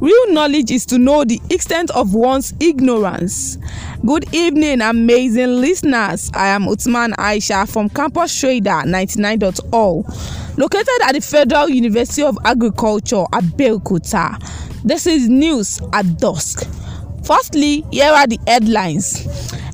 Real knowledge is to know the extent of one's ignorance. Good evening, amazing listeners. I am Utman Aisha from Campus Trader 99.all, located at the Federal University of Agriculture, Abeokuta. This is news at dusk. Firstly, here are the headlines.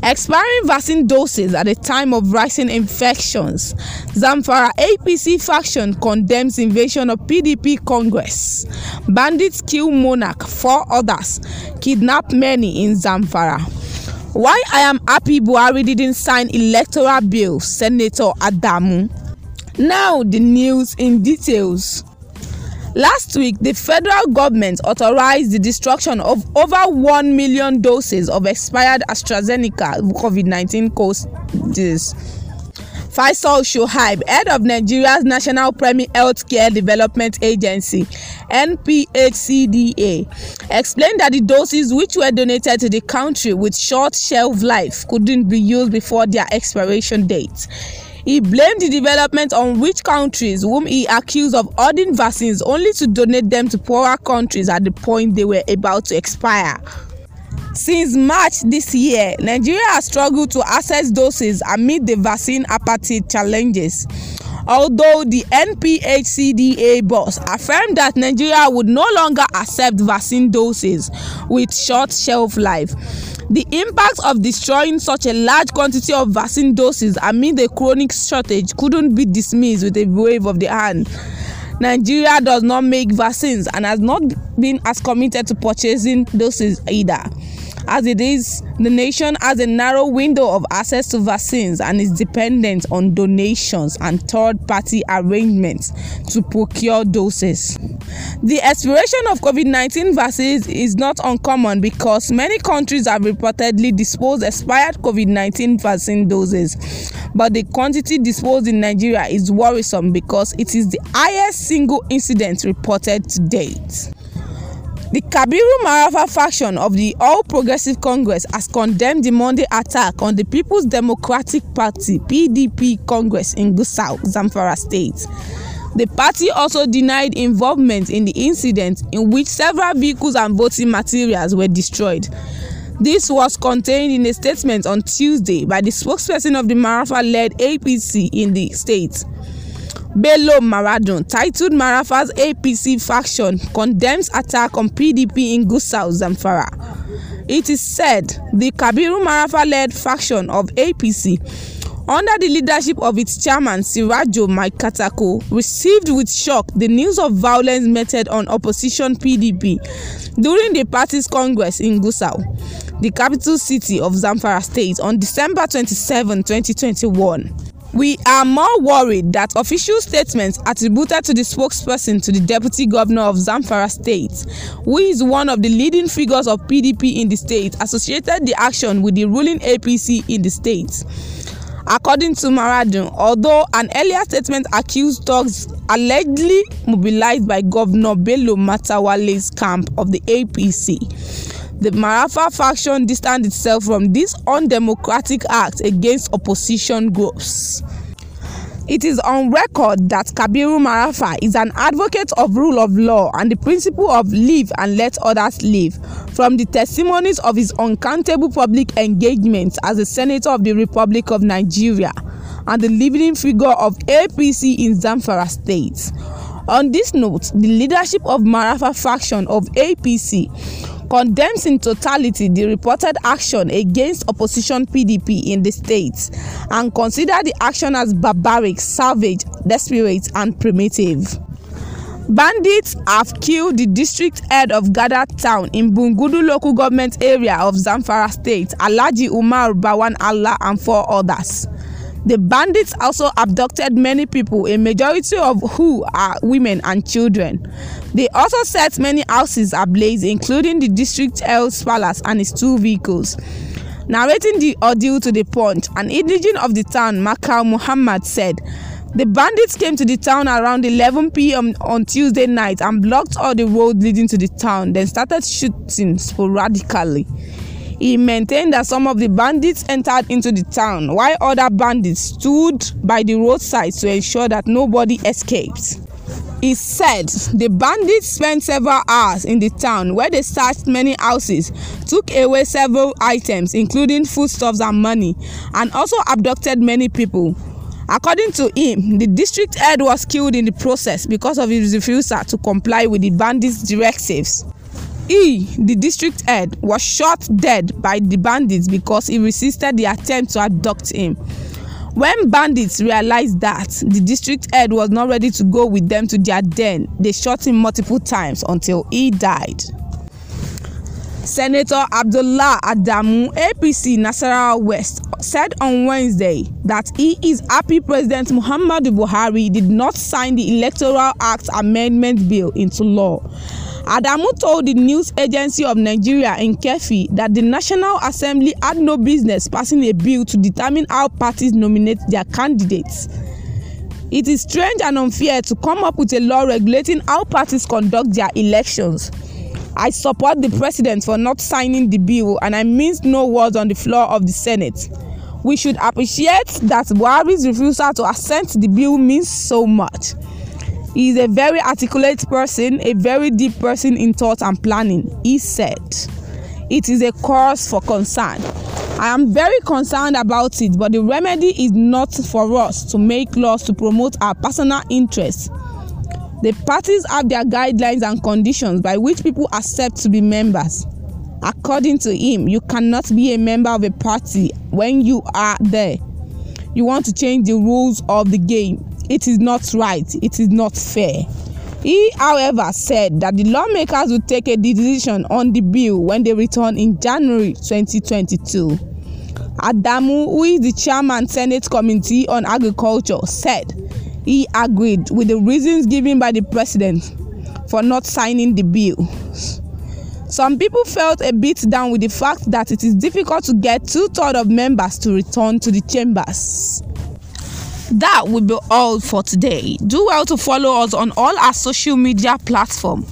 Expiring vaccine doses at a time of rising infections. Zamfara APC faction condemns invasion of PDP Congress. Bandits kill monarch, four others kidnap many in Zamfara. Why I am happy Buhari didn't sign electoral bill, Senator Adamu. Now the news in details. Last week, the federal government authorized the destruction of over 1 million doses of expired AstraZeneca COVID 19 doses. Faisal Shoaib, head of Nigeria's National Primary Healthcare Development Agency (NPHCDA), explained that the doses which were donated to the country with short shelf life couldn't be used before their expiration date. He blamed the development on rich countries whom he accused of hoarding vaccines only to donate them to poorer countries at the point they were about to expire. Since March this year, Nigeria has struggled to access doses amid the vaccine apathy challenges. Although the NPHCDA boss affirmed that Nigeria would no longer accept vaccine doses with short shelf life. The impact of destroying such a large quantity of vaccine doses amid a chronic shortage couldn't be dismissed with a wave of the hand. Nigeria does not make vaccines and has not been as committed to purchasing doses either. As it is, the nation has a narrow window of access to vaccines and is dependent on donations and third party arrangements to procure doses. The expiration of COVID 19 vaccines is not uncommon because many countries have reportedly disposed expired COVID 19 vaccine doses. But the quantity disposed in Nigeria is worrisome because it is the highest single incident reported to date. The Kabiru Marafa faction of the All Progressive Congress has condemned the Monday attack on the People's Democratic Party (PDP) Congress in Gusau, Zamfara State. The party also denied involvement in the incident in which several vehicles and voting materials were destroyed. This was contained in a statement on Tuesday by the spokesperson of the Marafa-led APC in the state. Bello Maradon, titled Marafa's APC faction condemns attack on PDP in Gusau, Zamfara. It is said the Kabiru Marafa-led faction of APC, under the leadership of its chairman Sirajo Maikatako, received with shock the news of violence meted on opposition PDP during the party's congress in Gusau, the capital city of Zamfara state, on December 27, 2021. We are more worried that official statements attributed to the spokesperson to the deputy governor of Zamfara state, who is one of the leading figures of PDP in the state, associated the action with the ruling APC in the state. According to Maradon, although an earlier statement accused thugs allegedly mobilized by Governor Bello Matawale's camp of the APC, The Marafa faction distanced itself from this undemocratic act against opposition groups. It is on record that Kabiru Marafa is an advocate of rule of law and the principle of live and let others live. From the testimonies of his uncountable public engagements as a senator of the Republic of Nigeria and the leading figure of APC in Zamfara state. On this note, the leadership of Marafa faction of APC condemns in totality the reported action against opposition PDP in the state and consider the action as barbaric, savage, desperate, and primitive. Bandits have killed the district head of Gada town in Bungudu local government area of Zamfara state, Alhaji Umar Bawan Allah and four others. The bandits also abducted many people, a majority of who are women and children. They also set many houses ablaze, including the district health palace and its two vehicles. Narrating the ordeal to the Punch, an indigent of the town, Makau Muhammad, said, The bandits came to the town around 11 p.m. on Tuesday night and blocked all the roads leading to the town, then started shooting sporadically. He maintained that some of the bandits entered into the town, while other bandits stood by the roadside to ensure that nobody escaped. He said the bandits spent several hours in the town where they searched many houses, took away several items including foodstuffs and money, and also abducted many people. According to him, the district head was killed in the process because of his refusal to comply with the bandits' directives. He, the district head, was shot dead by the bandits because he resisted the attempt to abduct him. When bandits realized that the district head was not ready to go with them to their den, they shot him multiple times until he died. Senator Abdullah Adamu, APC Nasarawa West, said on Wednesday that he is happy President Muhammadu Buhari did not sign the Electoral Act Amendment Bill into law. Adamu told the news agency of Nigeria in Kefi that the National Assembly had no business passing a bill to determine how parties nominate their candidates. It is strange and unfair to come up with a law regulating how parties conduct their elections, I support the president for not signing the bill and I mean no words on the floor of the Senate. We should appreciate that Buhari's refusal to assent the bill means so much. He is a very articulate person, a very deep person in thought and planning, he said. It is a cause for concern. I am very concerned about it, but the remedy is not for us to make laws to promote our personal interests The parties have their guidelines and conditions by which people accept to be members. According to him, you cannot be a member of a party when you are there. You want to change the rules of the game. It is not right. It is not fair. He, however, said that the lawmakers will take a decision on the bill when they return in January 2022. Adamu, who is the chairman Senate Committee on Agriculture, said He agreed with the reasons given by the president for not signing the bill. Some people felt a bit down with the fact that it is difficult to get two thirds of members to return to the chambers. That will be all for today. Do well to follow us on all our social media platforms.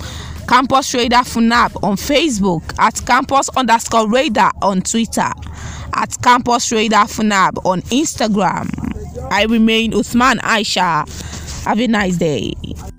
Campus Radar Funab on Facebook, at Campus underscore Radar on Twitter, at Campus Radar Funab on Instagram. I remain Usman Aisha. Have a nice day.